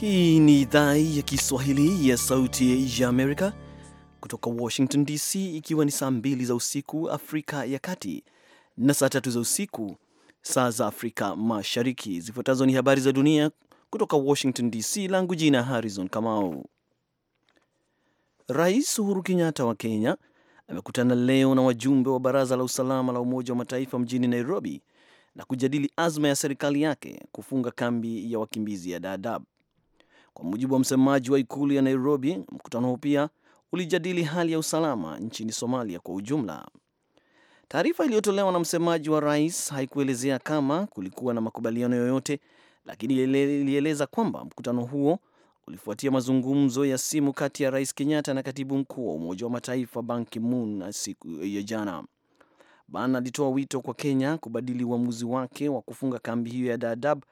Hii ni idhaa ya Kiswahili ya Sauti ya Amerika kutoka Washington DC, ikiwa ni saa mbili za usiku Afrika ya Kati na saa tatu za usiku saa za Afrika Mashariki. Zifuatazo ni habari za dunia kutoka Washington DC, langu jina Harrison Kamau. Rais Uhuru Kenyatta wa Kenya amekutana leo na wajumbe wa Baraza la Usalama la Umoja wa Mataifa mjini Nairobi na kujadili azma ya serikali yake kufunga kambi ya wakimbizi ya Dadaab. Kwa mujibu wa msemaji wa ikulu ya Nairobi, mkutano huu pia ulijadili hali ya usalama nchini Somalia kwa ujumla. Taarifa iliyotolewa na msemaji wa rais haikuelezea kama kulikuwa na makubaliano yoyote, lakini ilieleza kwamba mkutano huo ulifuatia mazungumzo ya simu kati ya Rais Kenyatta na katibu mkuu wa Umoja wa Mataifa Ban Ki-moon siku ya jana. Ban alitoa wito kwa Kenya kubadili uamuzi wake wa kufunga kambi hiyo ya Dadaab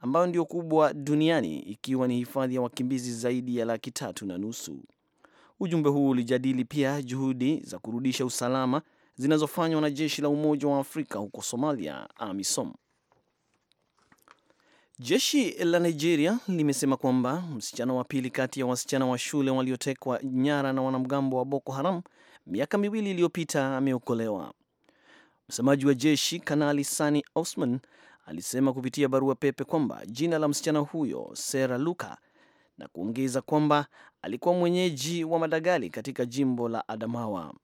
ambayo ndio kubwa duniani ikiwa ni hifadhi ya wakimbizi zaidi ya laki tatu na nusu. Ujumbe huu ulijadili pia juhudi za kurudisha usalama zinazofanywa na jeshi la Umoja wa Afrika huko Somalia, AMISOM. Jeshi la Nigeria limesema kwamba msichana wa pili kati ya wasichana wa shule waliotekwa nyara na wanamgambo wa Boko Haram miaka miwili iliyopita ameokolewa. Msemaji wa jeshi Kanali Sani Osman alisema kupitia barua pepe kwamba jina la msichana huyo Sera Luka na kuongeza kwamba alikuwa mwenyeji wa Madagali katika jimbo la Adamawa.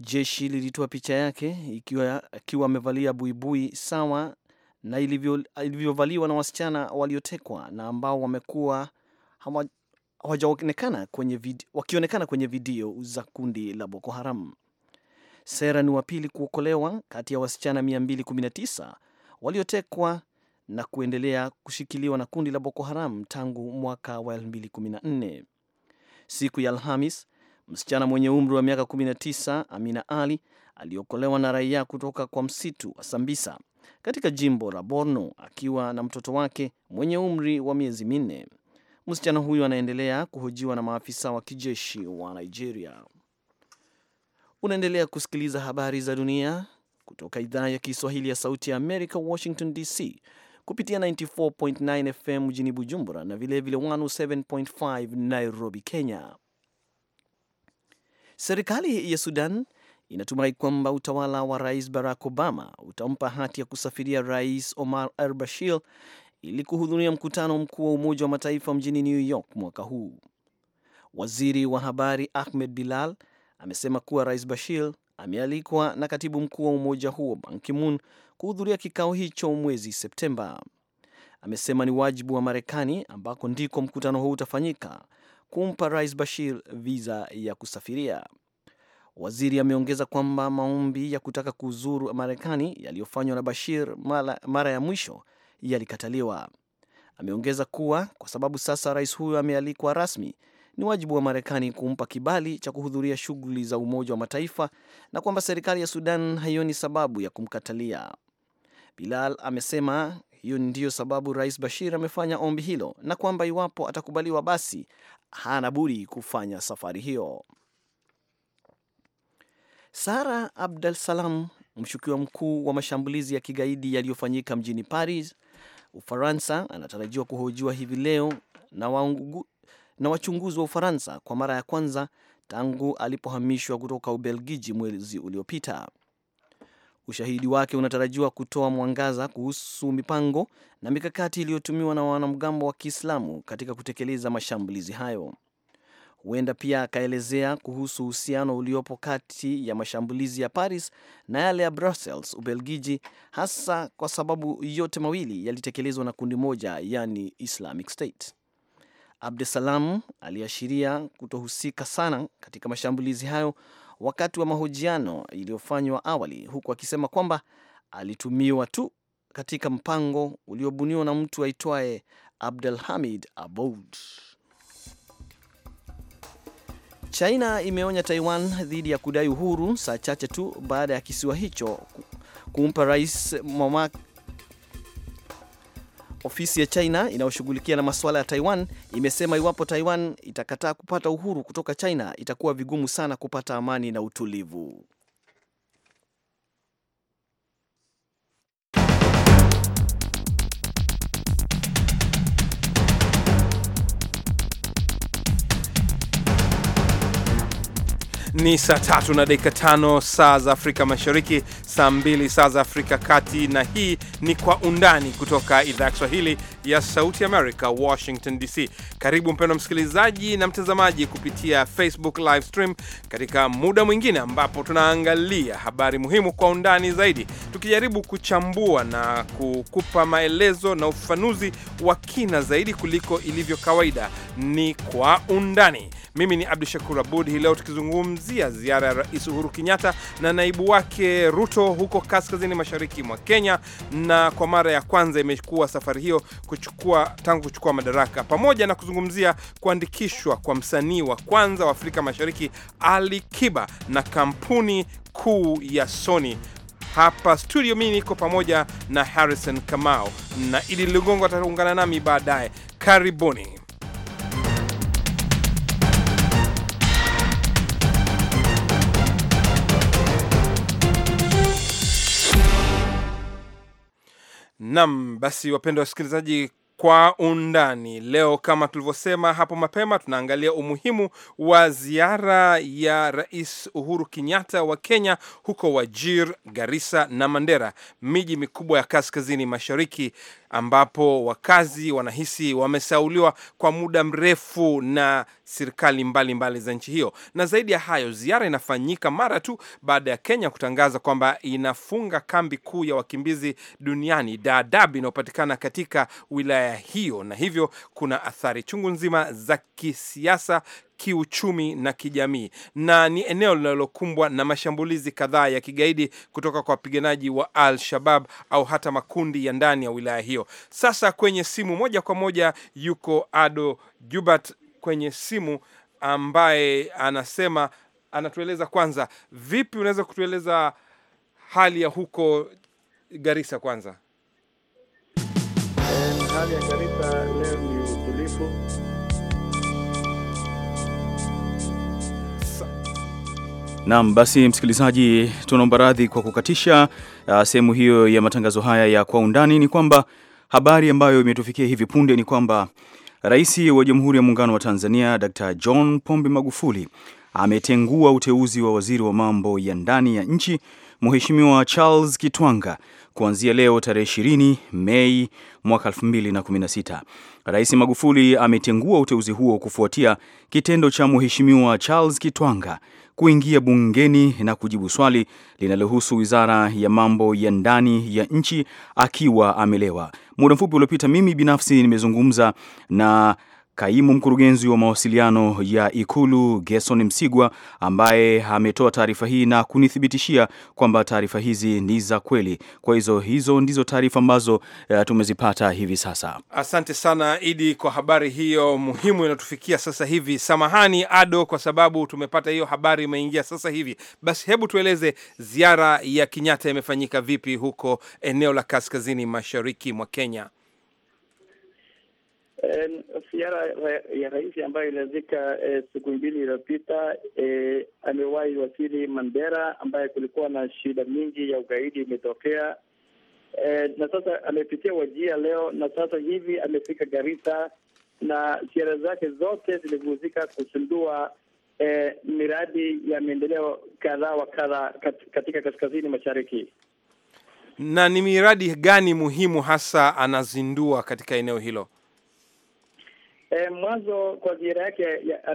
Jeshi lilitoa picha yake ikiwa akiwa amevalia buibui sawa na ilivyovaliwa na wasichana waliotekwa na ambao wamekuwa hawajaonekana wakionekana kwenye video za kundi la Boko Haram. Sera ni wa pili kuokolewa kati ya wasichana 219 waliotekwa na kuendelea kushikiliwa na kundi la Boko Haram tangu mwaka wa 2014. Siku ya Alhamis, msichana mwenye umri wa miaka 19 Amina Ali aliokolewa na raia kutoka kwa msitu wa Sambisa katika jimbo la Borno akiwa na mtoto wake mwenye umri wa miezi minne. Msichana huyu anaendelea kuhojiwa na maafisa wa kijeshi wa Nigeria. Unaendelea kusikiliza habari za dunia kutoka idhaa ya Kiswahili ya Sauti ya Amerika, Washington DC, kupitia 94.9 FM mjini Bujumbura na vilevile 107.5 Nairobi, Kenya. Serikali ya Sudan inatumai kwamba utawala wa Rais Barack Obama utampa hati ya kusafiria Rais Omar al Bashir ili kuhudhuria mkutano mkuu wa Umoja wa Mataifa mjini New York mwaka huu. Waziri wa habari Ahmed Bilal amesema kuwa Rais Bashir amealikwa na katibu mkuu wa umoja huo Ban Ki-moon kuhudhuria kikao hicho mwezi Septemba. Amesema ni wajibu wa Marekani, ambako ndiko mkutano huu utafanyika, kumpa Rais Bashir viza ya kusafiria. Waziri ameongeza kwamba maombi ya kutaka kuzuru Marekani yaliyofanywa na Bashir mara, mara ya mwisho yalikataliwa. Ameongeza kuwa kwa sababu sasa rais huyo amealikwa rasmi, ni wajibu wa Marekani kumpa kibali cha kuhudhuria shughuli za Umoja wa Mataifa na kwamba serikali ya Sudan haioni sababu ya kumkatalia. Bilal amesema hiyo ndiyo sababu Rais Bashir amefanya ombi hilo na kwamba iwapo atakubaliwa, basi hana budi kufanya safari hiyo. Sara Abdul Salam, mshukiwa mkuu wa mashambulizi ya kigaidi yaliyofanyika mjini Paris, Ufaransa, anatarajiwa kuhojiwa hivi leo na waungu, na wachunguzi wa Ufaransa kwa mara ya kwanza tangu alipohamishwa kutoka Ubelgiji mwezi uliopita. Ushahidi wake unatarajiwa kutoa mwangaza kuhusu mipango na mikakati iliyotumiwa na wanamgambo wa Kiislamu katika kutekeleza mashambulizi hayo. Huenda pia akaelezea kuhusu uhusiano uliopo kati ya mashambulizi ya Paris na yale ya Brussels, Ubelgiji, hasa kwa sababu yote mawili yalitekelezwa na kundi moja, yani Islamic State. Abdusalam aliashiria kutohusika sana katika mashambulizi hayo wakati wa mahojiano iliyofanywa awali, huku akisema kwamba alitumiwa tu katika mpango uliobuniwa na mtu aitwaye Abdulhamid Aboud. China imeonya Taiwan dhidi ya kudai uhuru saa chache tu baada ya kisiwa hicho kumpa rais Ofisi ya China inayoshughulikia na masuala ya Taiwan imesema iwapo Taiwan itakataa kupata uhuru kutoka China itakuwa vigumu sana kupata amani na utulivu. Ni saa tatu na dakika tano saa za Afrika Mashariki, saa mbili saa za Afrika Kati, na hii ni Kwa Undani kutoka idhaa ya Kiswahili ya Sauti America, Washington DC. Karibu mpendwa msikilizaji na mtazamaji kupitia Facebook live stream katika muda mwingine ambapo tunaangalia habari muhimu kwa undani zaidi, tukijaribu kuchambua na kukupa maelezo na ufafanuzi wa kina zaidi kuliko ilivyo kawaida. Ni kwa undani. Mimi ni Abdu Shakur Abud, hii leo tukizungumzia ziara ya Rais Uhuru Kenyatta na naibu wake Ruto huko kaskazini mashariki mwa Kenya, na kwa mara ya kwanza imekuwa safari hiyo kuchukua, tangu kuchukua madaraka, pamoja na kuzungumzia kuandikishwa kwa msanii wa kwanza wa Afrika Mashariki Ali Kiba na kampuni kuu ya Sony. Hapa studio mimi niko pamoja na Harrison Kamau na Idi Ligongo ataungana nami baadaye. Karibuni. Nam, basi wapendwa wasikilizaji, kwa undani leo, kama tulivyosema hapo mapema, tunaangalia umuhimu wa ziara ya Rais Uhuru Kenyatta wa Kenya huko Wajir, Garissa na Mandera, miji mikubwa ya kaskazini mashariki, ambapo wakazi wanahisi wamesauliwa kwa muda mrefu na serikali mbalimbali za nchi hiyo. Na zaidi ya hayo, ziara inafanyika mara tu baada ya Kenya kutangaza kwamba inafunga kambi kuu ya wakimbizi duniani Dadaab inayopatikana katika wilaya hiyo, na hivyo kuna athari chungu nzima za kisiasa kiuchumi na kijamii, na ni eneo linalokumbwa na mashambulizi kadhaa ya kigaidi kutoka kwa wapiganaji wa Al-Shabab au hata makundi ya ndani ya wilaya hiyo. Sasa kwenye simu moja kwa moja yuko Ado Jubat kwenye simu, ambaye anasema anatueleza kwanza, vipi unaweza kutueleza hali ya huko Garissa kwanza? hali ya kanisa leo ni utulivu. Naam, basi msikilizaji, tunaomba radhi kwa kukatisha ah, sehemu hiyo ya matangazo haya ya kwa undani. Ni kwamba habari ambayo imetufikia hivi punde ni kwamba Rais wa Jamhuri ya Muungano wa Tanzania Dr. John Pombe Magufuli ametengua uteuzi wa waziri wa mambo ya ndani ya nchi Mheshimiwa Charles Kitwanga kuanzia leo tarehe ishirini Mei mwaka sita. Rais Magufuli ametengua uteuzi huo kufuatia kitendo cha mheshimiwa Charles Kitwanga kuingia bungeni na kujibu swali linalohusu wizara ya mambo ya ndani ya nchi akiwa amelewa. Muda mfupi uliopita, mimi binafsi nimezungumza na Kaimu mkurugenzi wa mawasiliano ya Ikulu Gerson Msigwa, ambaye ametoa taarifa hii na kunithibitishia kwamba taarifa hizi ni za kweli. Kwa hizo hizo ndizo taarifa ambazo eh, tumezipata hivi sasa. Asante sana Idi kwa habari hiyo muhimu inatufikia sasa hivi. Samahani Ado, kwa sababu tumepata hiyo habari imeingia sasa hivi. Basi hebu tueleze ziara ya Kenyatta imefanyika vipi huko eneo la kaskazini mashariki mwa Kenya. Eh, ziara ya rais ambayo ilianzika eh, siku mbili iliyopita eh, amewahi wasili Mandera, ambaye kulikuwa na shida mingi ya ugaidi imetokea eh, na sasa amepitia Wajia leo na sasa hivi amefika Garissa, na ziara zake zote ziliguzika kuzindua eh, miradi ya maendeleo kadhaa wa kadha katika kaskazini mashariki. Na ni miradi gani muhimu hasa anazindua katika eneo hilo? E, mwanzo kwa ziara yake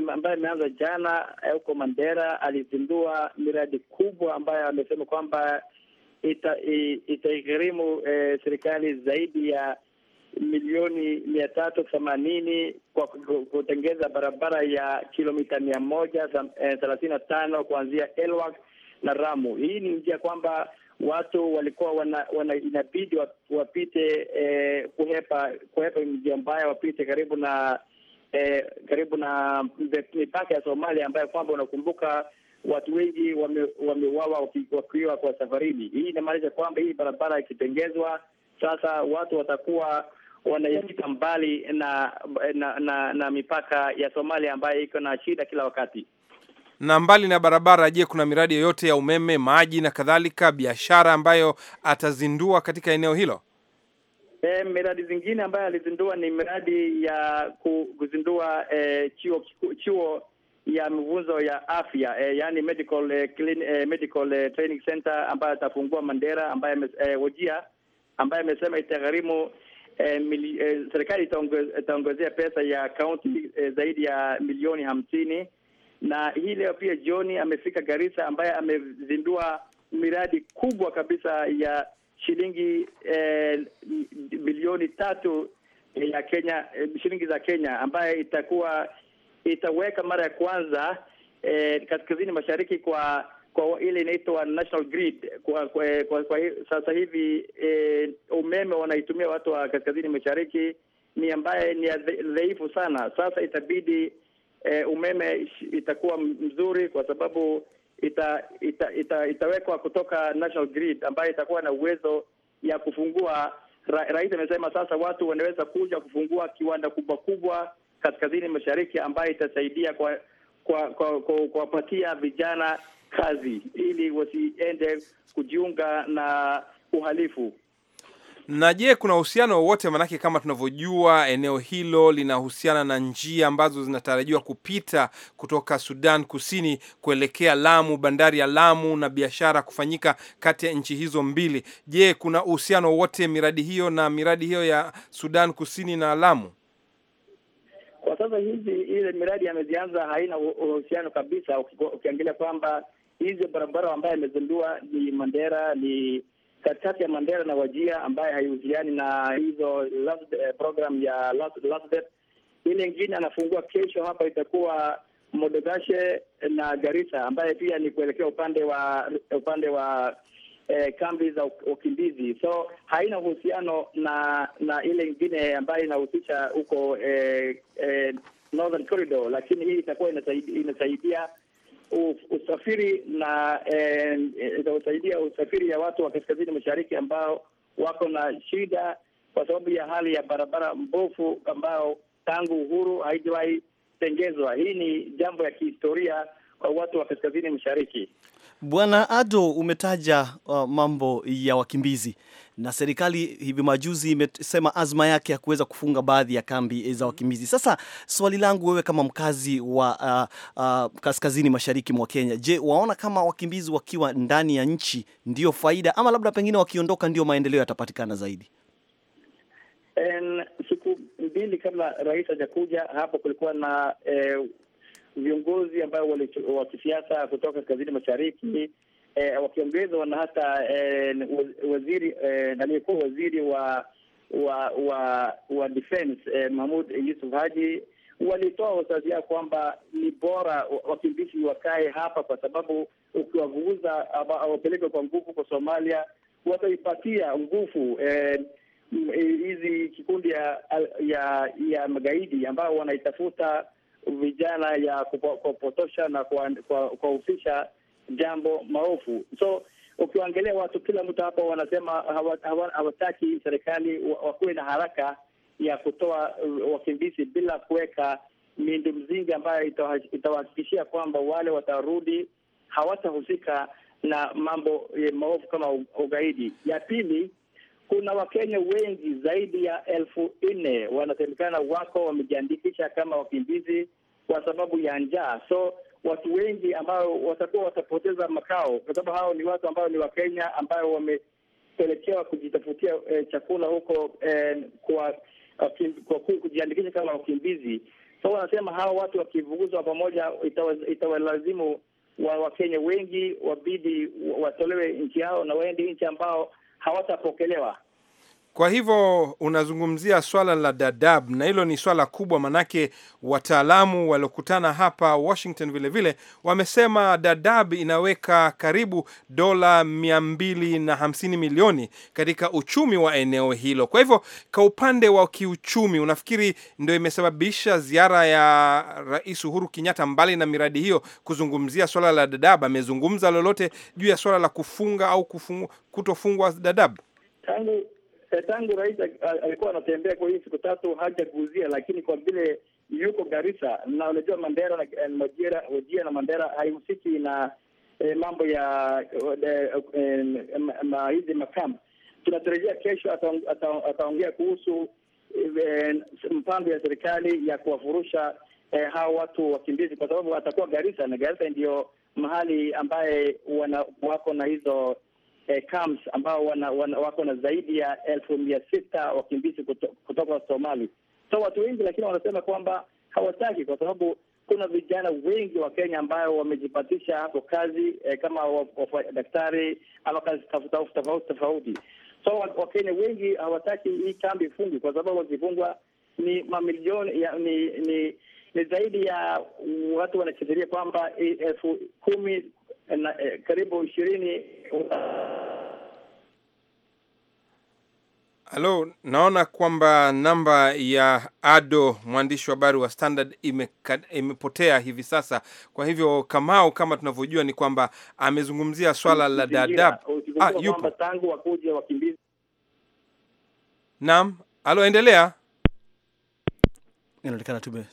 ambayo imeanza jana eh, huko Mandera alizindua miradi kubwa ambayo amesema kwamba itaigharimu ita e, serikali zaidi ya milioni mia tatu themanini kwa kutengeza barabara ya kilomita mia moja thelathini na tano kuanzia Elwak na Ramu. Hii ni njia kwamba watu walikuwa wana, wana inabidi wapite eh, kuhepa kuhepa njia mbaya wapite karibu na eh, karibu na mipaka ya Somalia ambayo kwamba unakumbuka watu wengi wameuawa wame wakiwa kwa safarini. Hii inamaanisha kwamba hii barabara ikitengezwa sasa, watu watakuwa wanaipita mbali na na, na na mipaka ya Somalia ambayo iko na shida kila wakati. Na mbali na barabara, je, kuna miradi yoyote ya umeme, maji na kadhalika, biashara ambayo atazindua katika eneo hilo? E, miradi zingine ambayo alizindua ni miradi ya kuzindua e, chuo chuo ya mvunzo ya afya e, eh, yani medical e, clean, e, medical e, training center ambayo atafungua Mandera, e, Wojia ambaye amesema itagharimu e, e, serikali itaongezea pesa ya kaunti e, zaidi ya milioni hamsini. Na hii leo pia John amefika Garissa, ambaye amezindua miradi kubwa kabisa ya shilingi eh, bilioni tatu eh, ya Kenya, eh, shilingi za Kenya ambayo itakuwa itaweka mara ya kwanza eh, kaskazini mashariki kwa kwa ile inaitwa national grid kwa, kwa, kwa, kwa sasa hivi eh, umeme wanaitumia watu wa kaskazini mashariki ni ambaye ni dhaifu sana. Sasa itabidi eh, umeme itakuwa mzuri kwa sababu itawekwa ita, ita, ita kutoka National Grid ambayo itakuwa na uwezo ya kufungua ra, rais amesema sasa watu wanaweza kuja kufungua kiwanda kubwa kubwa kaskazini mashariki ambayo itasaidia kwa kwa kuwapatia kwa, vijana kazi ili wasiende kujiunga na uhalifu. Na je, kuna uhusiano wowote? Maanake kama tunavyojua, eneo hilo linahusiana na njia ambazo zinatarajiwa kupita kutoka Sudan Kusini kuelekea Lamu, bandari ya Lamu, na biashara kufanyika kati ya nchi hizo mbili. Je, kuna uhusiano wowote miradi hiyo na miradi hiyo ya Sudan Kusini na Lamu? Kwa sasa hizi ile miradi yamezianza haina uhusiano kabisa, ukiangalia kwamba hizo barabara ambayo amezindua ni Mandera ni katikati ya Mandela na Wajia ambaye haihusiani na hizo last, eh, program ya last, last Ile ingine anafungua kesho hapa itakuwa Modogashe na Garissa ambaye pia ni kuelekea upande wa upande wa eh, kambi za ukimbizi, so haina uhusiano na na ile ingine ambayo inahusisha huko eh, eh, Northern Corridor, lakini hii itakuwa inasaidia usafiri na eh, itakusaidia e, usafiri ya watu wa kaskazini mashariki ambao wako na shida kwa sababu ya hali ya barabara mbovu ambao tangu uhuru haijawahi tengezwa. Hii ni jambo ya kihistoria kwa watu wa kaskazini mashariki. Bwana Ado, umetaja uh, mambo ya wakimbizi na serikali hivi majuzi imesema azma yake ya kuweza kufunga baadhi ya kambi za wakimbizi. Sasa swali langu wewe, kama mkazi wa uh, uh, kaskazini mashariki mwa Kenya, je, waona kama wakimbizi wakiwa ndani ya nchi ndiyo faida ama labda pengine wakiondoka ndio maendeleo yatapatikana zaidi? En, siku mbili kabla rais hajakuja hapo kulikuwa na eh, viongozi ambao wa kisiasa kutoka kaskazini mashariki eh, wakiongezwa na hata eh, waziri eh, aliyekuwa waziri wa wa wa wa defense eh, Mahmud Yusuf Haji walitoa wazazi yao kwamba ni bora wakimbizi wakae hapa, kwa sababu ukiwavuuza wapelekwe kwa nguvu kwa Somalia wataipatia nguvu eh, hizi kikundi ya ya ya magaidi ambao wanaitafuta vijana ya kupotosha na kuwaufisha jambo maofu So ukiangalia watu, kila mtu hapa wanasema hawataki hawa, hawa serikali wakuwe na haraka ya kutoa uh, wakimbizi bila kuweka miundo mzingi ambayo itawahakikishia kwamba wale watarudi hawatahusika na mambo eh, maovu kama ugaidi. Ya pili, kuna Wakenya wengi zaidi ya elfu nne wanasemekana wako wamejiandikisha kama wakimbizi kwa sababu ya njaa. So watu wengi ambao watakuwa watapoteza makao, kwa sababu hao ni watu ambao ni Wakenya ambao wamepelekewa kujitafutia eh, chakula huko eh, kwa, kwa kujiandikisha kama wakimbizi. So wanasema hao watu wakivuguzwa pamoja itawalazimu wa Wakenya wengi wabidi watolewe nchi yao na waende nchi ambao hawatapokelewa. Kwa hivyo unazungumzia swala la Dadaab na hilo ni swala kubwa, manake wataalamu waliokutana hapa Washington vilevile vile, wamesema Dadaab inaweka karibu dola 250 milioni katika uchumi wa eneo hilo. Kwa hivyo kwa upande wa kiuchumi, unafikiri ndio imesababisha ziara ya Rais Uhuru Kenyatta, mbali na miradi hiyo, kuzungumzia swala la Dadaab? Amezungumza lolote juu ya swala la kufunga au kufungu, kutofungwa Dadaab tangu tangu rais alikuwa anatembea kwa hii siku tatu hajaguzia, lakini kwa vile yuko Garissa na unajua Mandera na ojia eh, na Mandera haihusiki na eh, mambo ya eh, eh, hizi makamu. Tunatarajia kesho ataongea kuhusu mpango ya serikali ya kuwafurusha eh, hao watu wakimbizi, kwa sababu atakuwa Garissa na Garissa ndiyo mahali ambaye wana, wako na hizo eh, camps ambao wana, wana, wako na zaidi ya elfu mia sita wakimbizi kuto, kutoka Somali. So watu wengi lakini wanasema kwamba hawataki kwa sababu kuna vijana wengi wa Kenya ambayo wamejipatisha hapo kazi eh, kama daktari ama kazi tofauti tofauti tofauti. So Wakenya wengi hawataki hii kambi fungi kwa sababu wakifungwa ni mamilioni ya, ni, ni ni zaidi ya watu wanafikiria kwamba elfu kumi na eh, karibu ishirini. Halo, naona kwamba namba ya Ado mwandishi wa habari wa Standard imepotea ime, hivi sasa. Kwa hivyo Kamau, kama tunavyojua ni kwamba amezungumzia swala la Dadaab. Ah, yupo tangu wakuje wakimbizi. Naam, halo, endelea. Inaonekana tume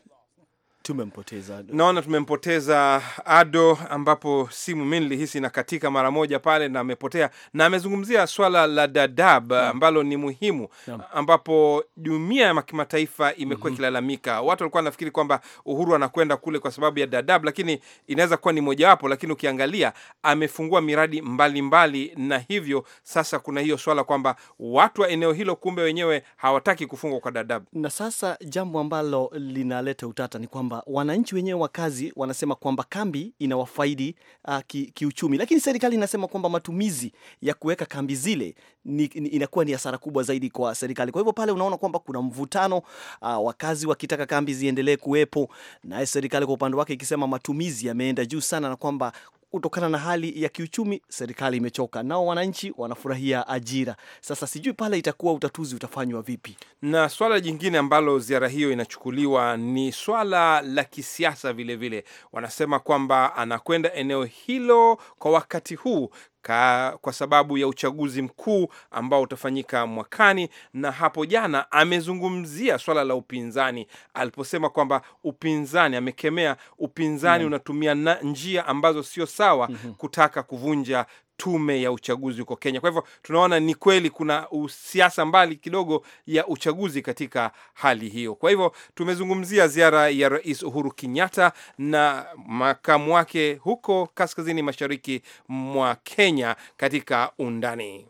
tumempoteza naona tumempoteza Ado, ambapo simu mi nilihisi inakatika mara moja pale na amepotea, na amezungumzia swala la dadab ambalo ni muhimu, ambapo jumia ya kimataifa imekuwa mhm. ikilalamika mm -hmm. Watu walikuwa wanafikiri kwamba Uhuru anakwenda kule kwa sababu ya dadab lakini inaweza kuwa ni mojawapo, lakini ukiangalia amefungua miradi mbalimbali mbali, na hivyo sasa kuna hiyo swala kwamba watu wa eneo hilo kumbe wenyewe hawataki kufungwa kwa dadab na sasa jambo ambalo linaleta utata ni kwamba kwamba wananchi wenyewe wakazi wanasema kwamba kambi inawafaidi uh, ki, kiuchumi, lakini serikali inasema kwamba matumizi ya kuweka kambi zile ni, ni, inakuwa ni hasara kubwa zaidi kwa serikali. Kwa hivyo pale unaona kwamba kuna mvutano uh, wakazi wakitaka kambi ziendelee kuwepo, naye serikali kwa upande wake ikisema matumizi yameenda juu sana na kwamba kutokana na hali ya kiuchumi, serikali imechoka, nao wananchi wanafurahia ajira. Sasa sijui pale itakuwa utatuzi utafanywa vipi. Na swala jingine ambalo ziara hiyo inachukuliwa ni swala la kisiasa vilevile. Wanasema kwamba anakwenda eneo hilo kwa wakati huu ka, kwa sababu ya uchaguzi mkuu ambao utafanyika mwakani. Na hapo jana amezungumzia swala la upinzani aliposema kwamba upinzani, amekemea upinzani mm -hmm. unatumia na njia ambazo sio sawa mm -hmm. kutaka kuvunja tume ya uchaguzi huko Kenya. Kwa hivyo tunaona ni kweli kuna usiasa mbali kidogo ya uchaguzi katika hali hiyo. Kwa hivyo tumezungumzia ziara ya Rais Uhuru Kenyatta na makamu wake huko kaskazini mashariki mwa Kenya katika undani.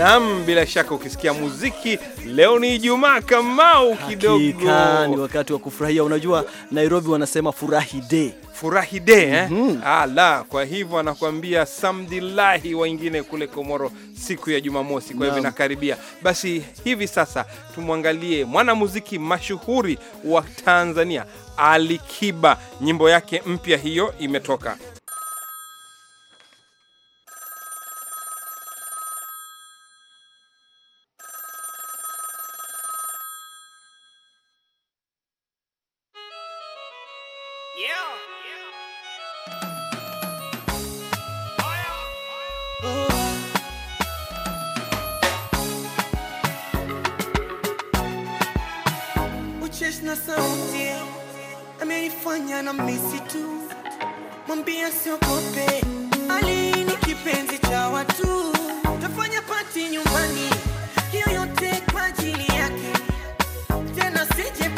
Naam, bila shaka ukisikia muziki leo ni Ijumaa kamau kidogo. Ni wakati wa kufurahia. Unajua Nairobi wanasema furahi day. Furahi day eh? Mm -hmm. Ala, kwa hivyo anakuambia samdilahi wengine kule Komoro siku ya Jumamosi, kwa hivyo inakaribia. Basi hivi sasa tumwangalie mwanamuziki mashuhuri wa Tanzania alikiba nyimbo yake mpya hiyo imetoka na sauti ameifanya na misi tu, mwambia siogope, Ali ni kipenzi cha watu, tafanya pati nyumbani, hiyo yote kwa ajili yake, tena sije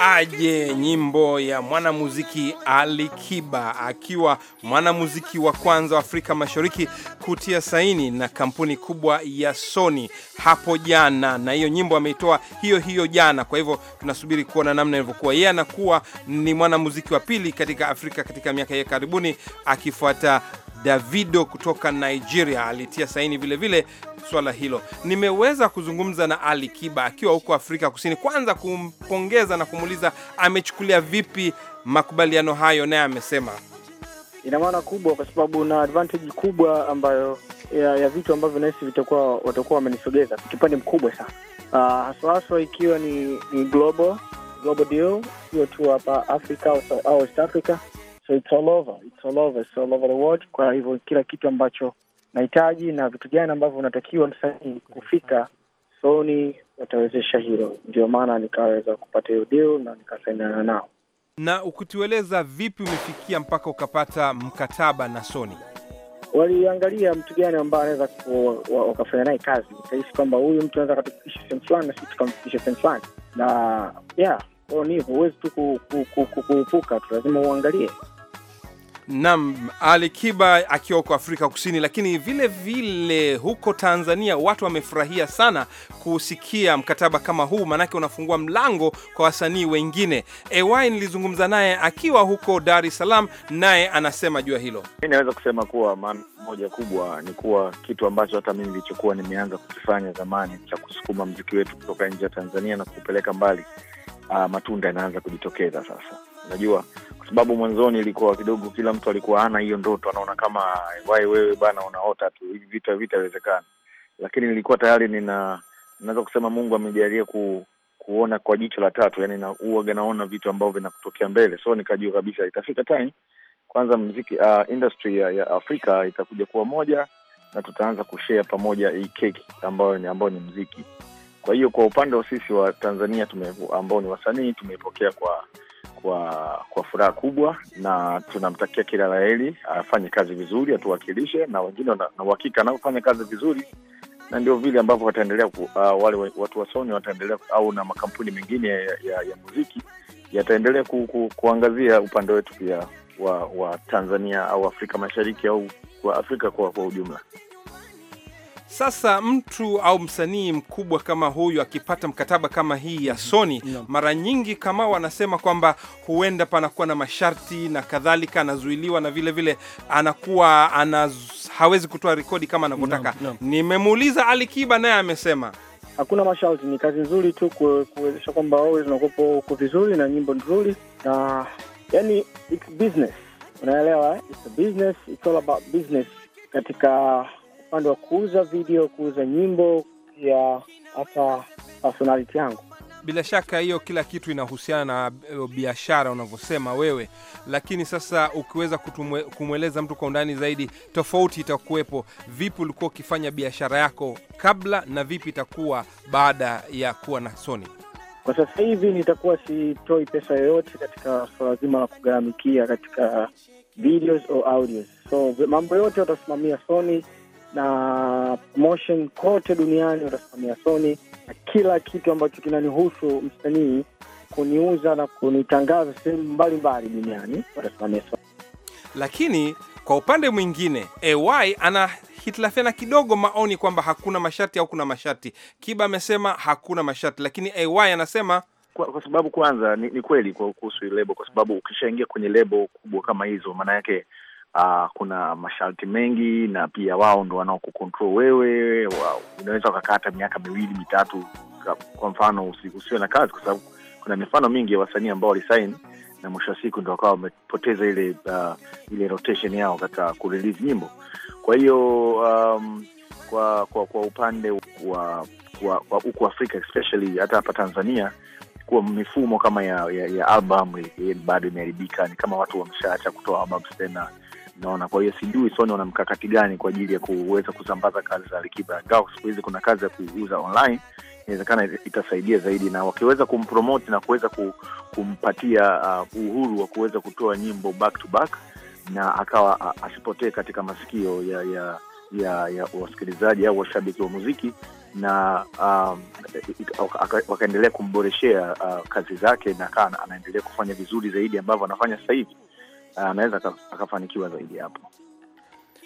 aje nyimbo ya mwanamuziki Ali Kiba, akiwa mwanamuziki wa kwanza wa Afrika Mashariki kutia saini na kampuni kubwa ya Sony hapo jana, na hiyo nyimbo ameitoa hiyo hiyo jana. Kwa hivyo tunasubiri kuona namna ilivyokuwa. Yeye anakuwa ni mwanamuziki wa pili katika Afrika katika miaka ya karibuni, akifuata Davido kutoka Nigeria alitia saini vilevile vile swala hilo. Nimeweza kuzungumza na Ali Kiba akiwa huko Afrika Kusini, kwanza kumpongeza na kumuuliza amechukulia vipi makubaliano hayo, naye amesema ina maana kubwa kwa sababu na advantage kubwa ambayo ya, ya vitu ambavyo nahisi vitakuwa watakuwa wamenisogeza kipande mkubwa sana ah, haswa haswa, ikiwa ni, ni global, global deal sio tu hapa Afrika au South Africa so it's all over, it's all over, it's all over the world. Kwa hivyo kila kitu ambacho nahitaji na vitu gani ambavyo unatakiwa msanii kufika, soni watawezesha hilo. Ndio maana nikaweza kupata hiyo deal na nikasainiana nao. Na ukitueleza vipi umefikia mpaka ukapata mkataba na soni Waliangalia mtu gani ambaye anaweza wakafanya naye kazi, kahisi kwamba huyu mtu anaweza akatufikisha sehemu fulani na sisi tukamfikisha sehemu fulani, na yeah, ni huwezi tu kuepuka tu, lazima uangalie Nam Ali Kiba akiwa huko Afrika Kusini, lakini vile vile huko Tanzania watu wamefurahia sana kusikia mkataba kama huu, maanake unafungua mlango kwa wasanii wengine. Ey, nilizungumza naye akiwa huko Dar es Salaam, naye anasema jua hilo. Mi naweza kusema kuwa maana moja kubwa ni kuwa kitu ambacho hata mimi nilichokuwa nimeanza kukifanya zamani cha kusukuma mziki wetu kutoka nje ya Tanzania na kupeleka mbali, uh, matunda yanaanza kujitokeza sasa. Unajua, sababu mwanzoni ilikuwa kidogo, kila mtu alikuwa hana hiyo ndoto, anaona kama wai wewe bana, unaota tu, hivi vitu havitawezekana. Lakini nilikuwa tayari nina naweza kusema Mungu amejalia ku, kuona kwa jicho la tatu, yani na huaga naona vitu ambavyo vinakutokea mbele, so nikajua kabisa itafika time kwanza mziki uh, industry ya, ya Afrika itakuja kuwa moja na tutaanza kushea pamoja hii keki ambayo ni, ambayo ni mziki. Kwa hiyo kwa upande wa sisi wa Tanzania ambao ni wasanii tumeipokea kwa kwa kwa furaha kubwa, na tunamtakia kila la heri, afanye kazi vizuri, atuwakilishe na wengine na uhakika anapofanya kazi vizuri, na ndio vile ambavyo wataendelea uh, wale watu wa Sony wataendelea au na makampuni mengine ya, ya, ya muziki yataendelea ku, ku, kuangazia upande wetu pia wa, wa Tanzania au Afrika Mashariki au kwa Afrika kwa, kwa ujumla. Sasa mtu au msanii mkubwa kama huyu akipata mkataba kama hii ya Sony mara nyingi kama wanasema kwamba huenda panakuwa na masharti na kadhalika, anazuiliwa na vile vile anakuwa anaz... hawezi kutoa rekodi kama anavyotaka Nimemuuliza Ali Kiba naye amesema hakuna masharti, ni kazi nzuri tu kuwezesha kwamba wewe unakopo uko vizuri na nyimbo nzuri na yani, it's business, unaelewa, eh? it's a business, it's all about business katika upande wa kuuza video, kuuza nyimbo, ya hata personality yangu. Bila shaka hiyo kila kitu inahusiana na eh, biashara unavyosema wewe, lakini sasa ukiweza kumweleza mtu kwa undani zaidi, tofauti itakuwepo vipi ulikuwa ukifanya biashara yako kabla na vipi itakuwa baada ya kuwa na Sony? Kwa sasa hivi nitakuwa sitoi pesa yoyote katika suala zima la kugharamikia katika videos au audios, so mambo yote watasimamia Sony na promotion kote duniani utasimamia Sony na kila kitu ambacho kinanihusu msanii kuniuza na kunitangaza sehemu mbalimbali duniani watasimamia Sony. Lakini kwa upande mwingine AY ana hitilafiana kidogo maoni kwamba hakuna masharti au kuna masharti. Kiba amesema hakuna masharti, lakini AY anasema kwa, kwa sababu kwanza ni, ni kweli kuhusu lebo, kwa sababu ukishaingia kwenye lebo kubwa kama hizo, maana yake uh, kuna masharti mengi, na pia wao ndo wanaokukontrol wewe. Wow, unaweza ukakaa miaka miwili mitatu, kwa mfano usiwe na kazi, kwa sababu kuna mifano mingi ya wasanii ambao walisaini na mwisho wa siku ndo wakawa wamepoteza ile uh, ile rotation yao katika kurelease nyimbo. Kwa hiyo um, kwa, kwa kwa upande wa huku Afrika especially hata hapa Tanzania kuwa mifumo kama ya, ya, ya album eh, bado imeharibika, ni kama watu wameshaacha kutoa albums tena naona. Kwa hiyo sijui Sony wana mkakati gani kwa ajili ya kuweza kusambaza kazi za Alikiba, ingawa siku hizi kuna kazi ya kuuza online inawezekana itasaidia zaidi, na wakiweza kumpromoti na kuweza kumpatia uh, uhuru wa kuweza kutoa nyimbo back to back, na akawa uh, asipotee katika masikio ya ya ya, ya wasikilizaji au washabiki wa muziki na um, wakaendelea kumboreshea uh, kazi zake na kaa anaendelea kufanya vizuri zaidi ambavyo anafanya sasa hivi anaweza ah, akafanikiwa zaidi hapo.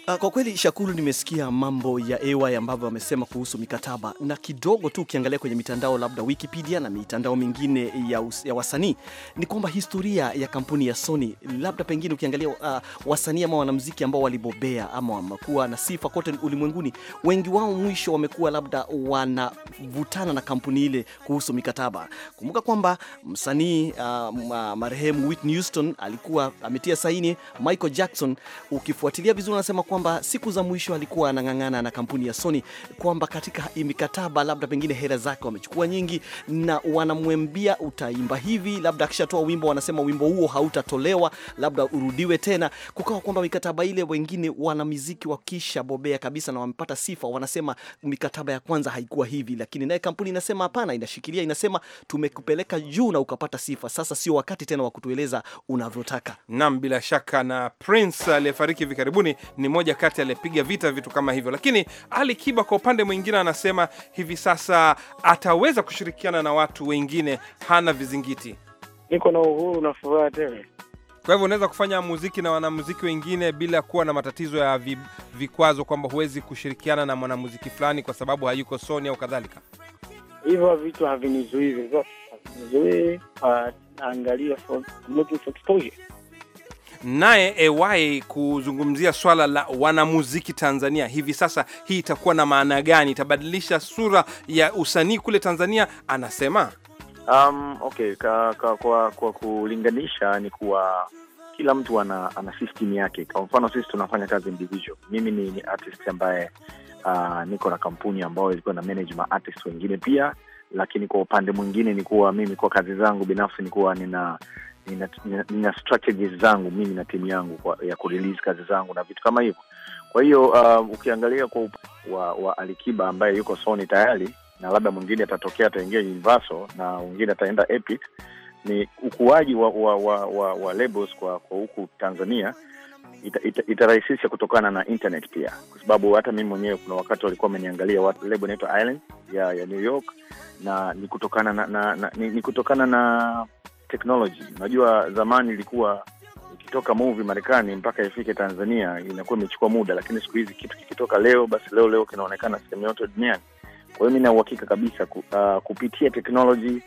Ah, kwa kweli Shakuru, nimesikia mambo ya EY ambavyo wamesema kuhusu mikataba, na kidogo tu ukiangalia kwenye mitandao labda Wikipedia na mitandao mingine ya, ya wasanii ni kwamba historia ya kampuni ya Sony labda pengine ukiangalia uh, wasanii ama wanamuziki ambao walibobea ama wamekuwa na sifa kote ulimwenguni, wengi wao mwisho wamekuwa labda wanavutana na kampuni ile kuhusu mikataba. Kumbuka kwamba msanii uh, marehemu Whitney Houston alikuwa ametia saini Michael Jackson, ukifuatilia vizuri unasema kwamba siku za mwisho alikuwa anang'ang'ana na kampuni ya Sony kwamba katika mikataba labda pengine hela zake wamechukua nyingi, na wanamwambia utaimba hivi, labda akishatoa wimbo wanasema wimbo huo hautatolewa, labda urudiwe tena. Kukawa kwamba mikataba ile, wengine wanamiziki wakisha bobea kabisa na wamepata sifa, wanasema mikataba ya kwanza haikuwa hivi, lakini naye kampuni inasema hapana, inashikilia, inasema tumekupeleka juu na ukapata sifa, sasa sio wakati tena wa kutueleza unavyotaka. Naam, bila shaka na Prince aliyefariki hivi karibuni ni moja mmoja kati aliyepiga vita vitu kama hivyo. Lakini Ali Kiba kwa upande mwingine anasema hivi sasa ataweza kushirikiana na watu wengine, hana vizingiti. Niko na uhuru na furaha tele. Kwa hivyo unaweza kufanya muziki na wanamuziki wengine bila kuwa na matatizo ya vikwazo kwamba huwezi kushirikiana na mwanamuziki fulani kwa sababu hayuko soni au kadhalika. Hivyo vitu havinizuii, havinizuii, but angalia for looking for exposure naye ewai kuzungumzia swala la wanamuziki Tanzania hivi sasa. Hii itakuwa na maana gani? Itabadilisha sura ya usanii kule Tanzania? Anasema um, okay ka, ka, kwa, kwa kulinganisha ni kuwa kila mtu ana, ana system yake. Kwa mfano sisi tunafanya kazi individual. Mimi ni, ni artist ambaye uh, niko na kampuni ambayo ilikuwa na manage ma artist wengine pia, lakini kwa upande mwingine ni kuwa mimi kwa kazi zangu binafsi ni kuwa nina nina, nina, nina strategies zangu mimi na timu yangu kwa, ya kurelease kazi zangu na vitu kama hivyo. Kwa hiyo uh, ukiangalia kwa upa wa, wa Alikiba ambaye yuko Sony tayari na labda mwingine atatokea ataingia Universal na mwingine ataenda Epic, ni ukuaji wa wa, wa, wa, wa labels kwa kwa huku Tanzania itarahisisha ita, ita kutokana na internet pia, kwa sababu hata mimi mwenyewe kuna wakati walikuwa wameniangalia watu label inaitwa Island ya, ya New York na ni kutokana na, na, na, ni, ni kutokana na technology. Unajua zamani ilikuwa ikitoka movie Marekani mpaka ifike Tanzania inakuwa imechukua muda, lakini siku hizi kitu kikitoka leo basi leo leo kinaonekana sehemu yote duniani. Kwa hiyo mi na uhakika kabisa ku, uh, kupitia technology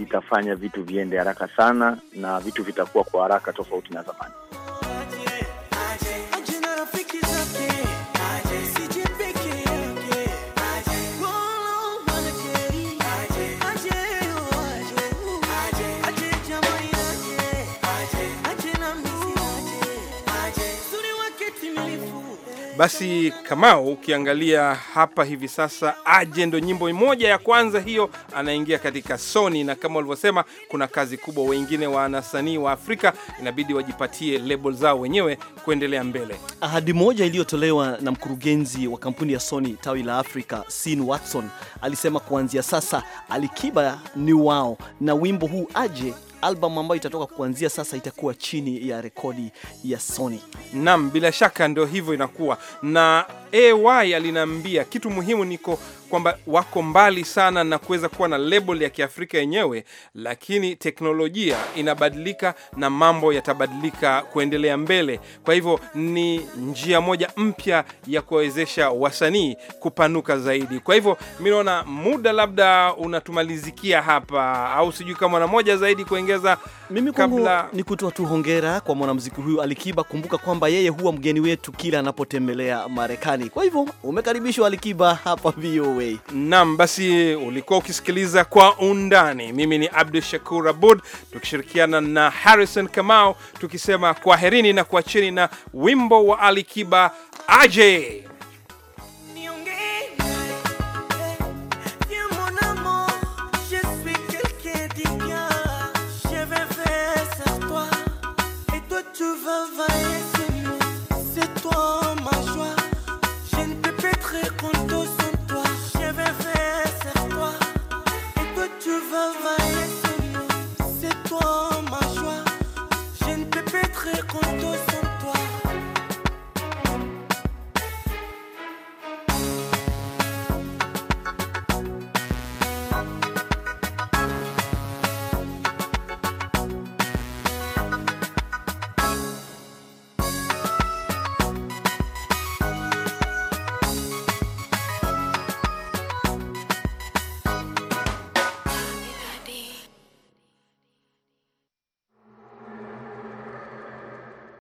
itafanya vitu viende haraka sana na vitu vitakuwa kwa haraka tofauti na zamani. Basi Kamao, ukiangalia hapa hivi sasa, aje ndo nyimbo moja ya kwanza hiyo, anaingia katika Sony, na kama walivyosema, kuna kazi kubwa. Wengine wanasanii wa Afrika inabidi wajipatie label zao wenyewe kuendelea mbele. Ahadi moja iliyotolewa na mkurugenzi wa kampuni ya Sony tawi la Afrika, Sean Watson, alisema kuanzia sasa Alikiba ni wao na wimbo huu aje albamu ambayo itatoka kuanzia sasa itakuwa chini ya rekodi ya Sony. Naam, bila shaka ndio hivyo inakuwa na AY alinaambia kitu muhimu niko kwamba wako mbali sana na kuweza kuwa na label ya Kiafrika yenyewe, lakini teknolojia inabadilika na mambo yatabadilika kuendelea mbele. Kwa hivyo ni njia moja mpya ya kuwawezesha wasanii kupanuka zaidi. Kwa hivyo mi naona muda labda unatumalizikia hapa, au sijui kama na moja zaidi kuongeza. Mimi kabla ni kutoa tu hongera kwa mwanamuziki huyu Alikiba. Kumbuka kwamba yeye huwa mgeni wetu kila anapotembelea Marekani. Kwa hivyo umekaribishwa Alikiba hapa VOA way. Naam, basi ulikuwa ukisikiliza kwa undani. Mimi ni Abdu Shakur Abud tukishirikiana na Harrison Kamau tukisema kwaherini na kuachini na wimbo wa alikiba aje.